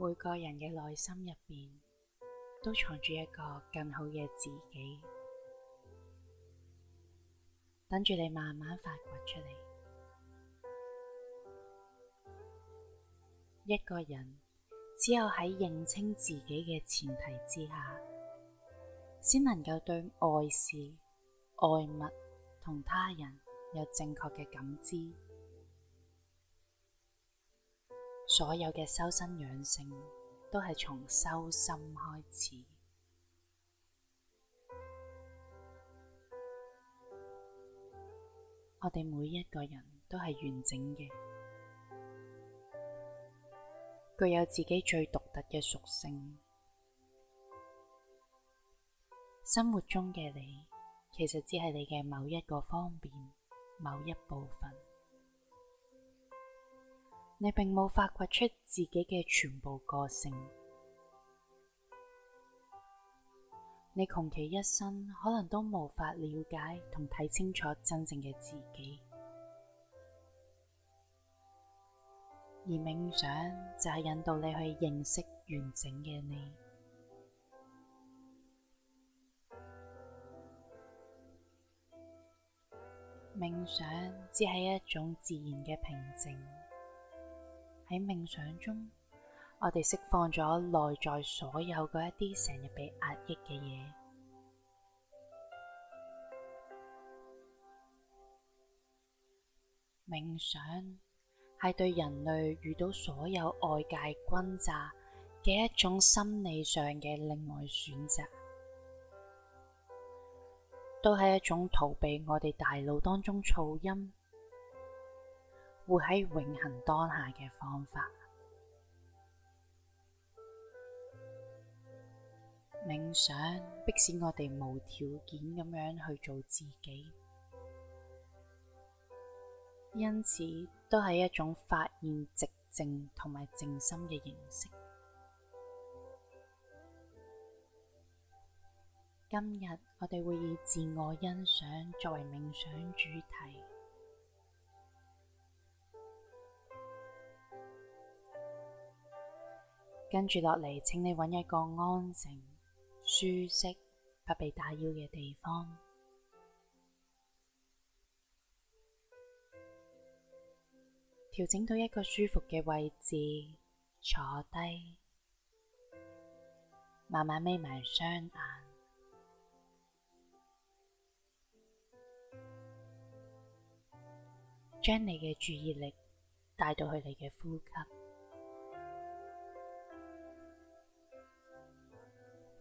每個人嘅內心入邊都藏住一個更好嘅自己，等住你慢慢發掘出嚟。一個人只有喺認清自己嘅前提之下，先能夠對外事、外物同他人有正確嘅感知。所有嘅修身養性都係從修心開始。我哋每一個人都係完整嘅，具有自己最獨特嘅屬性。生活中嘅你，其實只係你嘅某一個方面、某一部分。你並冇發掘出自己嘅全部個性，你窮其一生可能都無法了解同睇清楚真正嘅自己，而冥想就係引導你去認識完整嘅你。冥想只係一種自然嘅平靜。喺冥想中，我哋釋放咗內在所有嗰一啲成日被壓抑嘅嘢。冥想係對人類遇到所有外界轟炸嘅一種心理上嘅另外選擇，都係一種逃避我哋大腦當中噪音。活喺永恆當下嘅方法，冥想迫使我哋無條件咁樣去做自己，因此都係一種發現寂靜同埋靜心嘅形式。今日我哋會以自我欣賞作為冥想主題。跟住落嚟，請你搵一個安靜、舒適、不被打擾嘅地方，調整到一個舒服嘅位置坐低，慢慢眯埋雙眼，將你嘅注意力帶到去你嘅呼吸。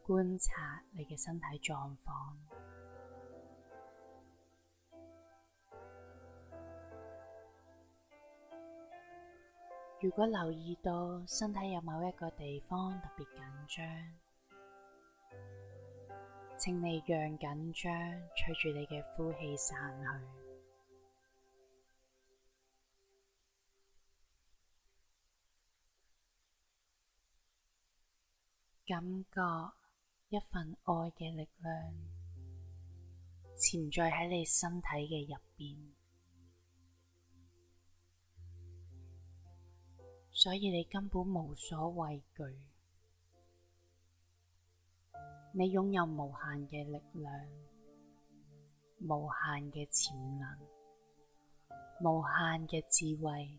觀察你嘅身體狀況。如果留意到身體有某一個地方特別緊張，請你讓緊張隨住你嘅呼氣散去，感覺。一份愛嘅力量潛在喺你身體嘅入邊，所以你根本無所畏懼。你擁有無限嘅力量、無限嘅潛能、無限嘅智慧，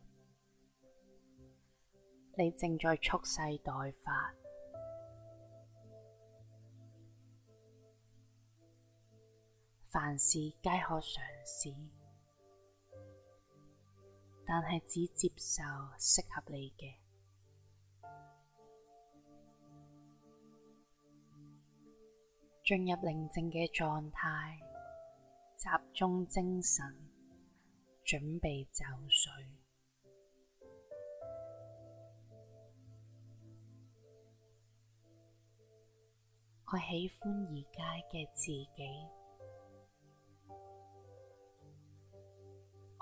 你正在蓄勢待發。凡事皆可嘗試，但係只接受適合你嘅。進入寧靜嘅狀態，集中精神，準備就緒。我喜歡而家嘅自己。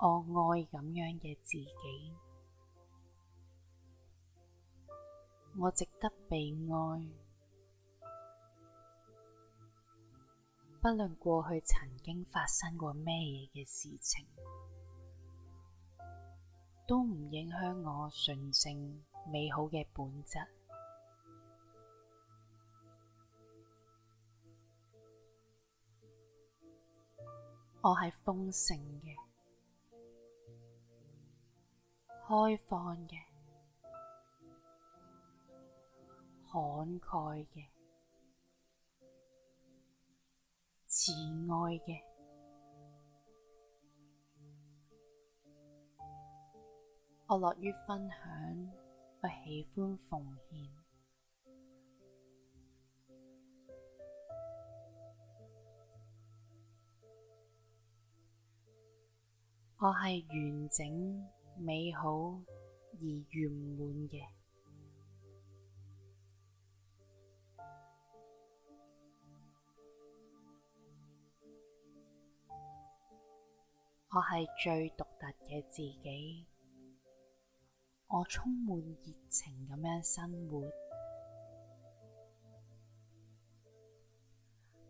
我愛咁樣嘅自己，我值得被愛，不論過去曾經發生過咩嘢嘅事情，都唔影響我純正美好嘅本質。我係豐盛嘅。開放嘅、慷慨嘅、慈愛嘅，我樂於分享，我喜歡奉獻。我係完整，美好而圓滿嘅，我係最獨特嘅自己，我充滿熱情咁樣生活，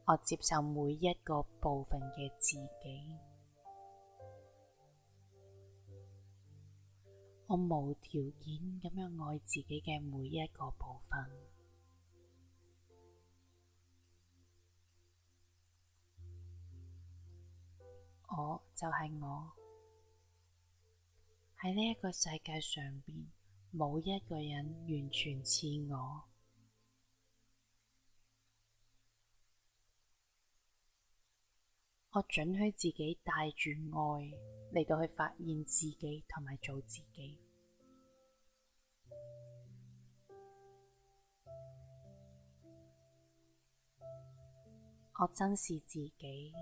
我接受每一個部分嘅自己。我無條件咁樣愛自己嘅每一個部分，我就係我。喺呢一個世界上邊，冇一個人完全似我。我准許自己帶住愛嚟到去發現自己同埋做自己。我珍視自己，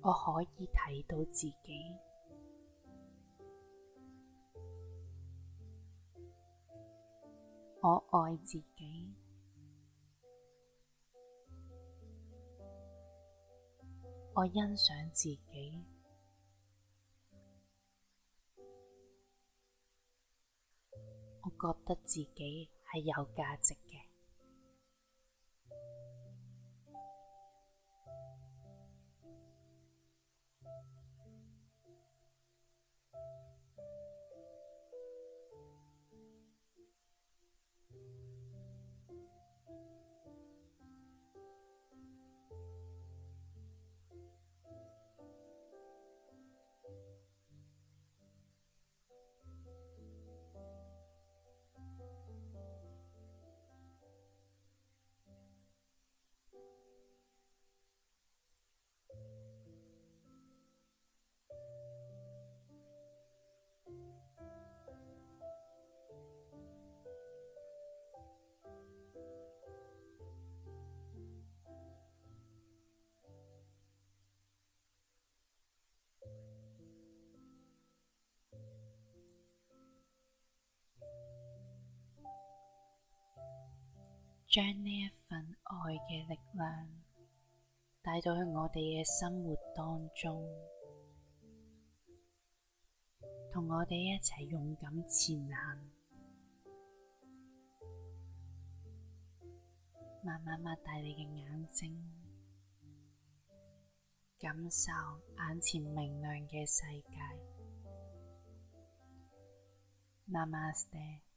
我可以睇到自己。我愛自己。我欣賞自己，我覺得自己係有價值嘅。將呢一份愛嘅力量帶到去我哋嘅生活當中，同我哋一齊勇敢前行。慢慢擘大你嘅眼睛，感受眼前明亮嘅世界。Namaste。